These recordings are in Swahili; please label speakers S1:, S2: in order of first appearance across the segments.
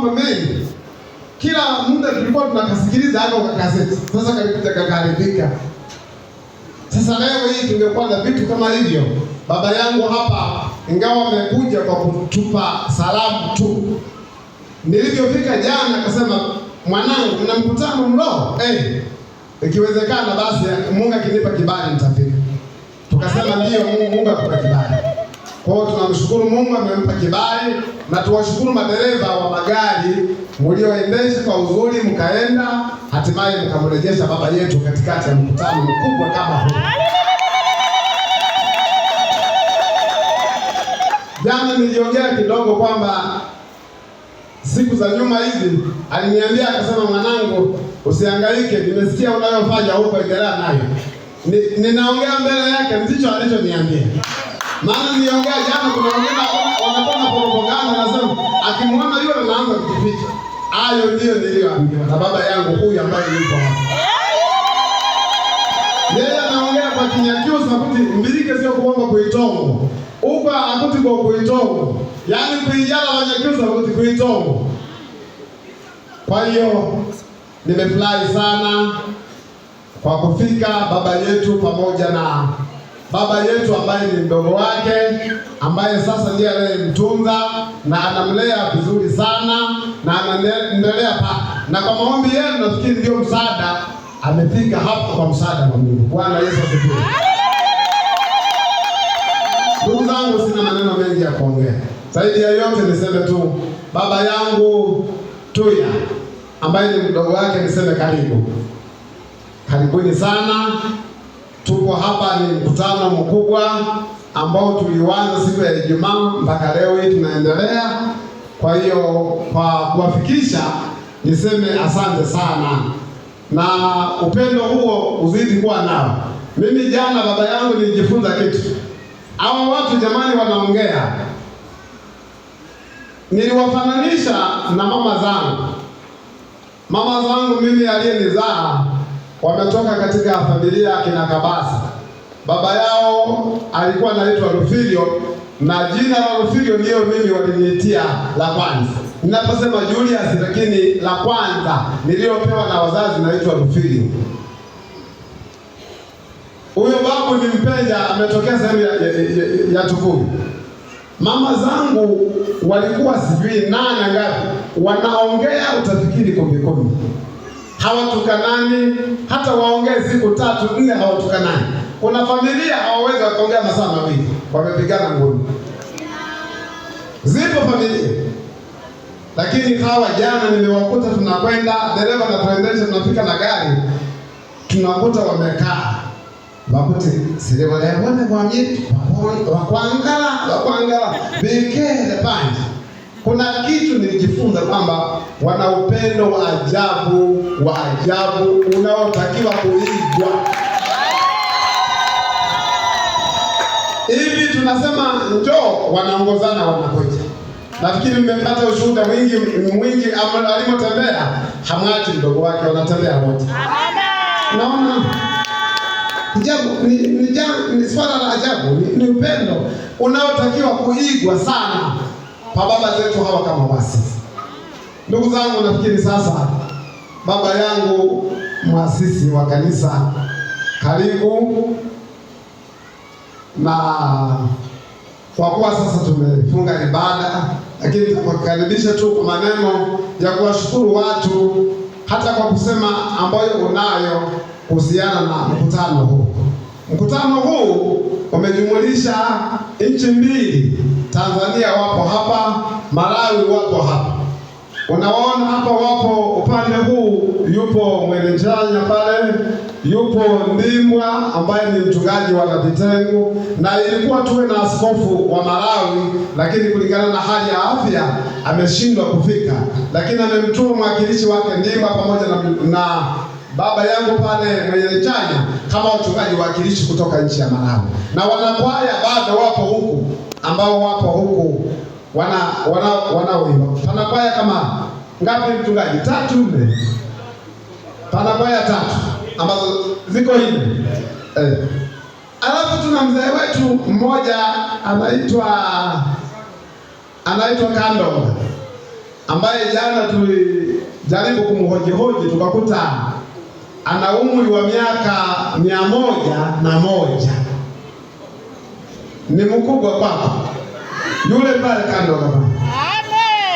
S1: mambo mengi, kila muda tulikuwa tunakasikiliza hapo kwa gazeti, sasa kakaharibika. Sasa leo hii tungekuwa na vitu kama hivyo. Baba yangu hapa, ingawa amekuja kwa kutupa salamu tu, nilivyofika jana akasema, mwanangu, kuna mkutano mlo? eh, ikiwezekana basi Mungu akinipa kibali nitafika. Tukasema ndio, Mungu akupa kibali. Kwa hiyo tunamshukuru Mungu amempa kibali, na tuwashukuru madereva wa magari mlioendesha kwa uzuri, mkaenda hatimaye mkamrejesha baba yetu katikati ya mkutano mkubwa kama huu. Jana niliongea kidogo kwamba siku za nyuma hizi aliniambia akasema, mwanangu, usihangaike, nimesikia unayofanya huko, endelea nayo. Ninaongea mbele yake, ndicho alichoniambia. Maana niongea jana, kuna wengine wanapenda propaganda, nasema akimwona yule anaanza kujificha. Hayo ndio niliyoambiwa na baba yangu huyu ambaye yupo hapa. Yeye anaongea kwa Kinyakyusa sababu mbilike sio kuomba kuitongo ukwa akuti kwa kuitongo, yaani kuijala Wanyakyusa kuti kuitongo. Kwa hiyo nimefurahi sana kwa kufika baba yetu pamoja na baba yetu ambaye ni mdogo wake, ambaye sasa ndiye anayemtunza na anamlea vizuri sana na anaendelea pa na kwa maombi yenu nafikiri ndio msaada amefika hapo kwa msaada wa Mungu. Bwana Yesu asifiwe. Ndugu zangu, sina maneno mengi ya kuongea, zaidi ya yote niseme tu baba yangu Tuya ambaye ni mdogo wake, niseme karibu, karibuni sana. Tuko hapa, ni mkutano mkubwa ambao tuliwanza siku ya Ijumaa mpaka leo hii tunaendelea. Kwa hiyo kwa kuwafikisha, niseme asante sana na upendo huo uzidi kuwa nao. Mimi jana, baba yangu, nilijifunza kitu. Hawa watu jamani, wanaongea. Niliwafananisha na mama zangu, mama zangu mimi aliyenizaa wametoka katika familia ya Kabasa. Baba yao alikuwa anaitwa Rufilio na jina la Rufilio ndiyo mimi waliniitia la kwanza. Ninaposema Julius, lakini la kwanza niliyopewa na wazazi naitwa Rufilio. Huyo babu ni Mpenja, ametokea sehemu ya, ya, ya, ya Tukuyu. Mama zangu walikuwa sijui nane ngapi, wanaongea utafikiri kombe kombe hawatukanani, hata waongee siku tatu nne hawatukanani. Kuna familia hawawezi wakaongea masaa mawili, wamepigana ngumi. Zipo familia lakini hawa jana niliwakuta, tunakwenda dereva na tuendesha, tunafika na gari, tunakuta wamekaa wakuti siliwalewone wamyi wakwangala wakwangala vikele panje kuna kitu nilijifunza kwamba wana upendo wa ajabu wa ajabu unaotakiwa kuigwa. Hivi tunasema njoo, wanaongozana wanakuja. Nafikiri mmepata ushuhuda mwingi mwingi alimotembea, hamwachi mdogo wake, wanatembea wote. Naona ajabu ni, ni, ni swala la ajabu, ni, ni upendo unaotakiwa kuigwa sana pa baba zetu hawa kama waasisi. Ndugu zangu, nafikiri sasa baba yangu mwasisi wa kanisa karibu, na kwa kuwa sasa tumefunga ibada, lakini tutakukaribisha tu kwa maneno ya kuwashukuru watu, hata kwa kusema ambayo unayo kuhusiana na mkutano huu. Mkutano huu umejumulisha nchi mbili Tanzania wapo hapa, Malawi wapo hapa, unawaona hapa, wapo upande huu, yupo Mwenejanya pale, yupo Ndimwa ambaye ni mchungaji wa Kapitengo, na ilikuwa tuwe na askofu wa Malawi, lakini kulingana na hali ya afya ameshindwa kufika, lakini amemtuma mwakilishi wake Ndimwa pamoja na, na baba yangu pale Mwenejanya kama wachungaji waakilishi kutoka nchi ya Malawi, na wanakwaya bado wapo huku ambao wapo huku wana wana wanaoimba panakwaya kama ngapi, mchungaji? Tatu, nne? Panakwaya tatu ambazo ziko hivi eh. Alafu tuna mzee wetu mmoja anaitwa anaitwa Kando ambaye jana tulijaribu kumhojihoji tukakuta ana umri wa miaka mia moja na moja ni mkubwa kwako. Yule pale Kandoga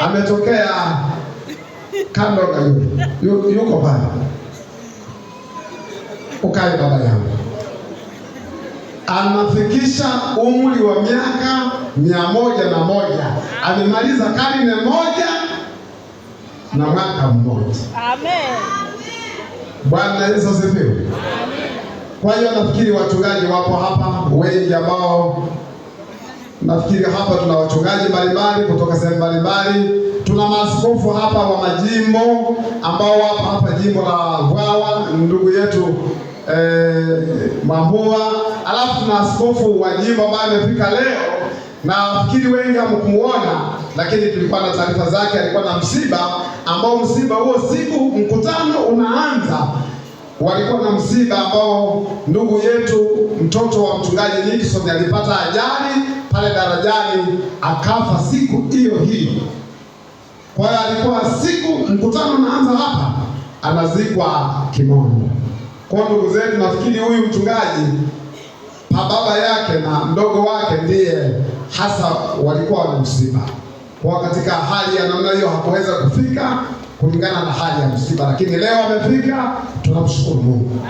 S1: ametokea na yule yuko pale, ukae baba yangu anafikisha umri wa miaka mia moja na moja amemaliza karne moja na mwaka mmoja. Amen. Bwana Yesu asifiwe. Amen. Kwa hiyo nafikiri wachungaji wapo hapa wengi, ambao nafikiri hapa tuna wachungaji mbalimbali kutoka sehemu mbalimbali. Tuna maaskofu hapa wa majimbo ambao wapo hapa jimbo la Vwawa, ndugu yetu eh, Mambua. Alafu tuna askofu wa jimbo ambaye amefika leo na nafikiri wengi hamkumuona, lakini tulikuwa na taarifa zake, alikuwa na msiba ambao msiba huo siku mkutano unaanza walikuwa na msiba ambao ndugu yetu mtoto wa mchungaji Nixon alipata ajali pale darajani akafa siku hiyo hiyo. Kwa hiyo alikuwa siku mkutano unaanza hapa, anazikwa Kimondo. Kwa ndugu zetu, nafikiri huyu mchungaji pa baba yake na mdogo wake ndiye hasa walikuwa na msiba. Kwa katika hali ya namna hiyo hakuweza kufika kulingana na hali ya msiba, lakini leo amefika, tunamshukuru Mungu.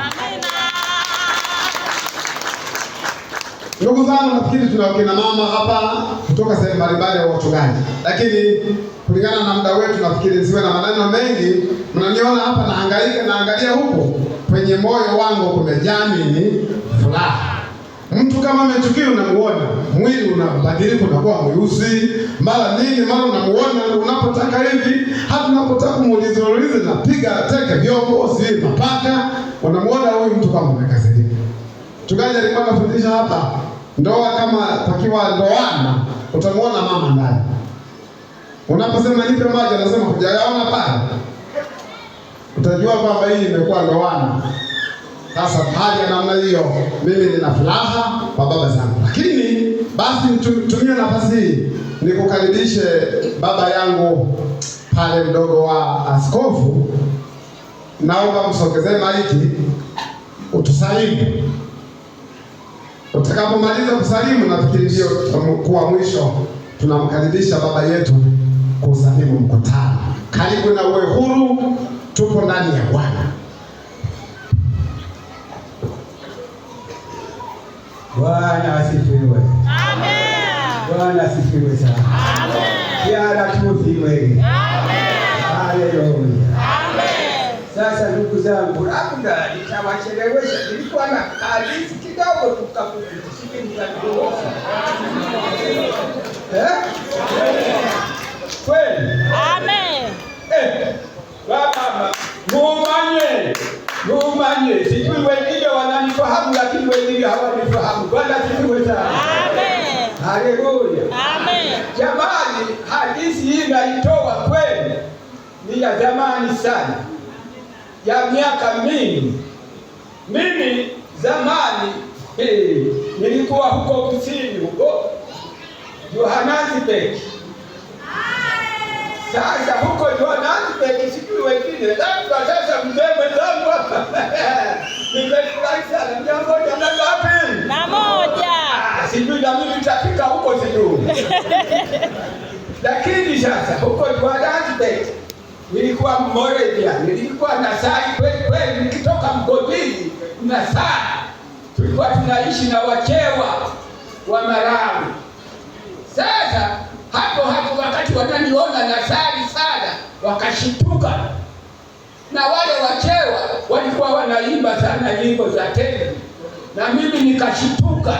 S1: Ndugu zangu, nafikiri tuna wakina mama hapa kutoka sehemu mbalimbali ya wachungaji, lakini kulingana na muda wetu, nafikiri nisiwe na maneno mengi. Mnaniona hapa naangalia, naangalia huku, kwenye moyo wangu kumejaa nini? Furaha. Mtu kama amechukia, unamuona mwili unabadilika, unakuwa mweusi mara nini, mara unamuona unapotaka hivi, hata unapotaka muulize ulize, napiga teke si mapaka, unamuona huyu mtu kama amekasirika. Mchungaji alikuwa anafundisha hapa ndoa, kama takiwa ndoana, utamuona mama ndani. Unaposema nipe maji, anasema kujayaona pale, utajua kwamba hii imekuwa ndoana. Sasa hali ya namna hiyo, mimi nina furaha kwa baba zangu, lakini basi tumie nafasi hii nikukaribishe baba yangu pale, mdogo wa askofu, naomba msogezee maiki utusalimu. Utakapomaliza kusalimu, nafikiri ndio kuwa mwisho, tunamkaribisha baba yetu kusalimu mkutano. Karibu na uwe huru, tupo ndani ya Bwana. Bwana asifiwe. Amen. Bwana asifiwe sana. Amen. Kiara tusiwe. Amen. Haleluya. Amen. Sasa ndugu zangu, labda nitawachelewesha. Nilikuwa na kazi kidogo tukakusikiliza kidogo. Eh? Kweli? Amen. Eh. Baba, mumanye. Muumanye, sijui wengine wananifahamu lakini wengine hawanifahamu. Bwana asifiwe sana. Amen. Haleluya. Amen. Jamani, hadithi hii naitoa kweli, ni ya zamani sana, ya miaka mingi. Mimi zamani eh, nilikuwa huko kusini huko Johannesburg sasa huko nani Johannesburg, sijui wengine langu kwa sasa, mzee mwenzangu hapa nimefurahi sana, mia moja na ngapi? Na moja ah, sijui na mimi nitafika huko sijui, lakini sasa huko nani Johannesburg nilikuwa Moravia, nilikuwa na saa kweli kweli, nikitoka mgodini na saa, tulikuwa tunaishi na wachewa wa Marawi sasa hapo hapo, wakati wananiona na sali sana, wakashituka. Na wale wachewa walikuwa wanaimba sana nyimbo za tendo, na mimi nikashituka,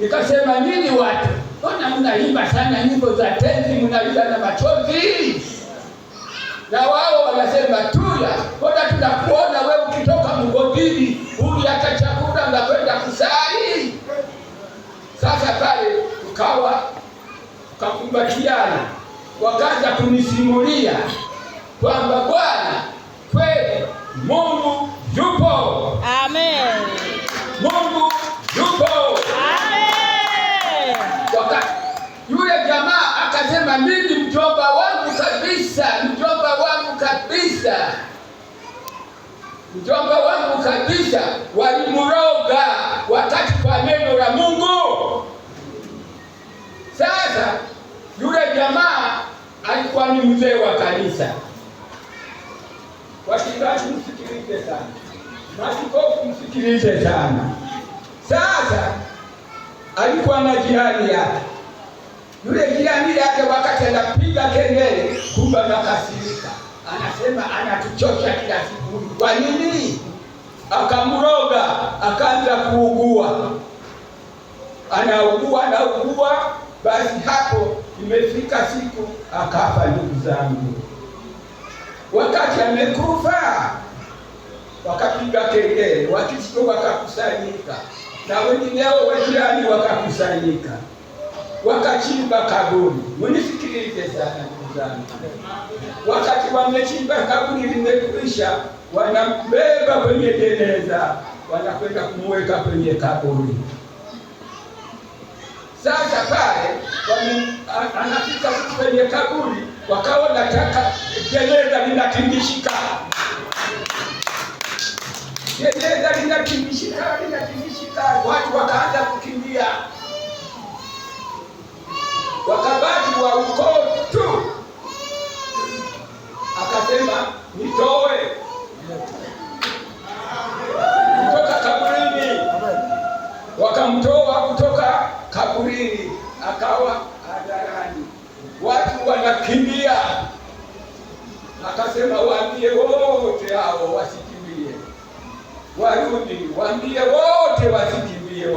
S1: nikasema nini, watu mbona mnaimba sana nyimbo za tenzi, mnaliza na machozi? Na wao wanasema tuya, mbona tunakuona we ukitoka mgodini uliacha chakula na kwenda kusali. Sasa pale ukawa kakubaliana, wakaza kunisimulia kwamba Bwana kwe Mungu yupo. Amen. Mungu yupo. Amen. Waka, yule jamaa akasema mimi mjomba wangu kabisa, mjomba wangu kabisa, mjomba wangu kabisa, walimuroga ni mzee wa kanisa. Wachungaji msikilize sana, maaskofu msikilize sana. Sasa alikuwa na jirani yake, yule jirani yake wakati anapiga kengele, na kasirika, anasema anatuchosha kila siku. Kwa nini? Akamroga, akaanza kuugua, anaugua anaugua basi hapo imefika siku akafa. Ndugu zangu, wakati amekufa wakapiga kengele, Wakristo wakakusanyika na wengineo wajirani wakakusanyika, wakachimba kaburi. Munisikilize sana ndugu zangu, wakati wamechimba kaburi limekwisha, wanambeba kwenye jeneza, wanakwenda kumweka kwenye kaburi. Sasa pale anafika kwenye kaburi, wakawa nataka jeneza linatingishika, jeneza linatingishika lina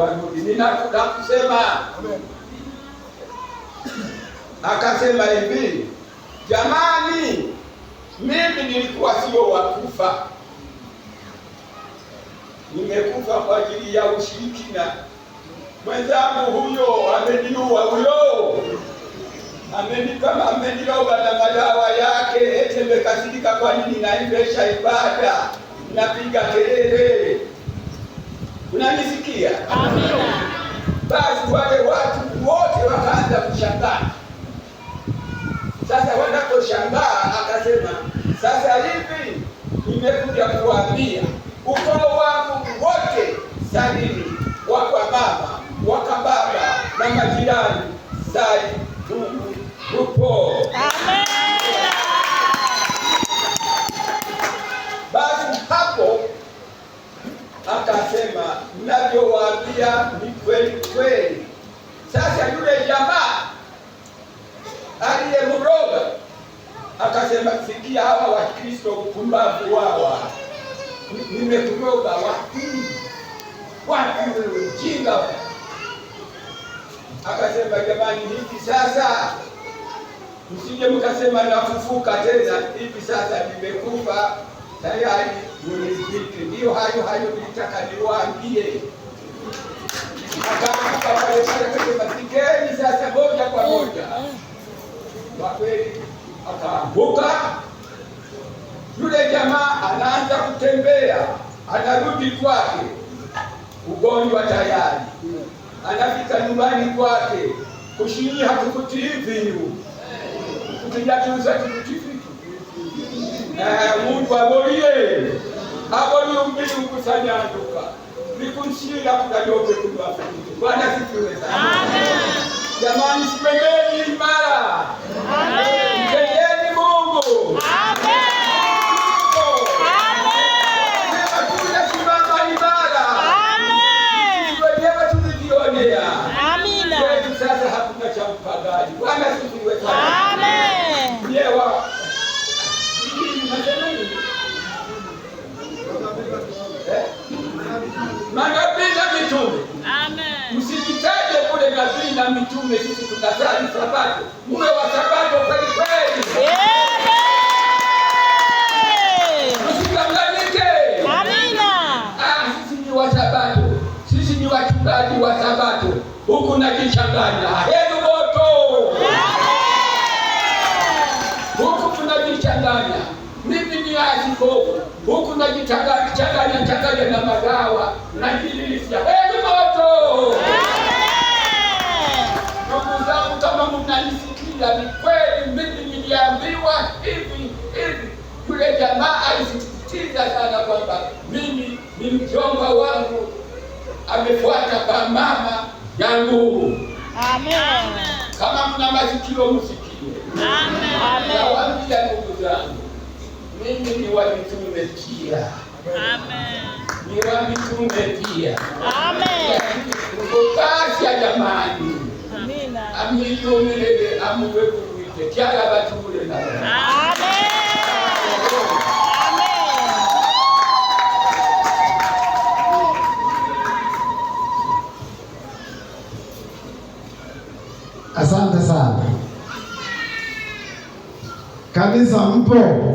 S1: Wayahudi. akasema hivi, jamani, mimi nilikuwa sio wakufa, nimekufa kwa ajili ya ushirikina. Mwenzangu huyo ameniua, huyo amenikama, ameniloga na madawa yake, ete nimekasirika. Kwa nini naendesha ibada, napiga kelele Sasa hivi nimekuja kuambia ukoo wangu wote Salini, wakwa baba waka baba na majirani sai ndugu upo basi. Hapo akasema mnavyowaambia ni kweli kweli. Sasa yule jamaa aliyemroga akasema, sikia hawa Wakristo pumbavu wawa, nimekuroga wapi wapi, wewe jinga? Akasema, jamani, hivi sasa msije mkasema nafufuka tena, hivi sasa nimekufa tayari, munizike. ndio hayo hayo nilitaka niwaambie. Akaamka pale pale akasema, sikeni sasa moja kwa moja, kwa kweli akaanguka. Yule jamaa anaanza kutembea, anarudi kwake, ugonjwa tayari. Anafika nyumbani kwake, kushini hakukutii vinyu kutijatuza kikutivitu muntu abolie abolie umbili ukusanyanduka nikunshila kudayoke kubafunzi Bwana sifiwe sana. Jamani, simameni imara. Manabii na mitume msijitaje kule manabii na mitume, sisi tukasali Sabato, muwe wa Sabato kweli. changanya changanya changanya na madawa na jilisha heli moto. Ndugu zangu, kama mnanisikia, ni kweli mimi niliambiwa hivi hivi. Yule jamaa alisisitiza sana kwamba mimi ni mjomba wangu, amefuata kwa mama yangu. Amen. Kama mna masikio msikie. Amen. Nawaambia ndugu zangu mimi ni wa mitume pia, Amen. ni wa mitume pia. Amen. Mukokasya jamani, Amina. mirele amuwe amilionelele amuwekuwite batu batule na Amen. asante sana. kabisa, mpo?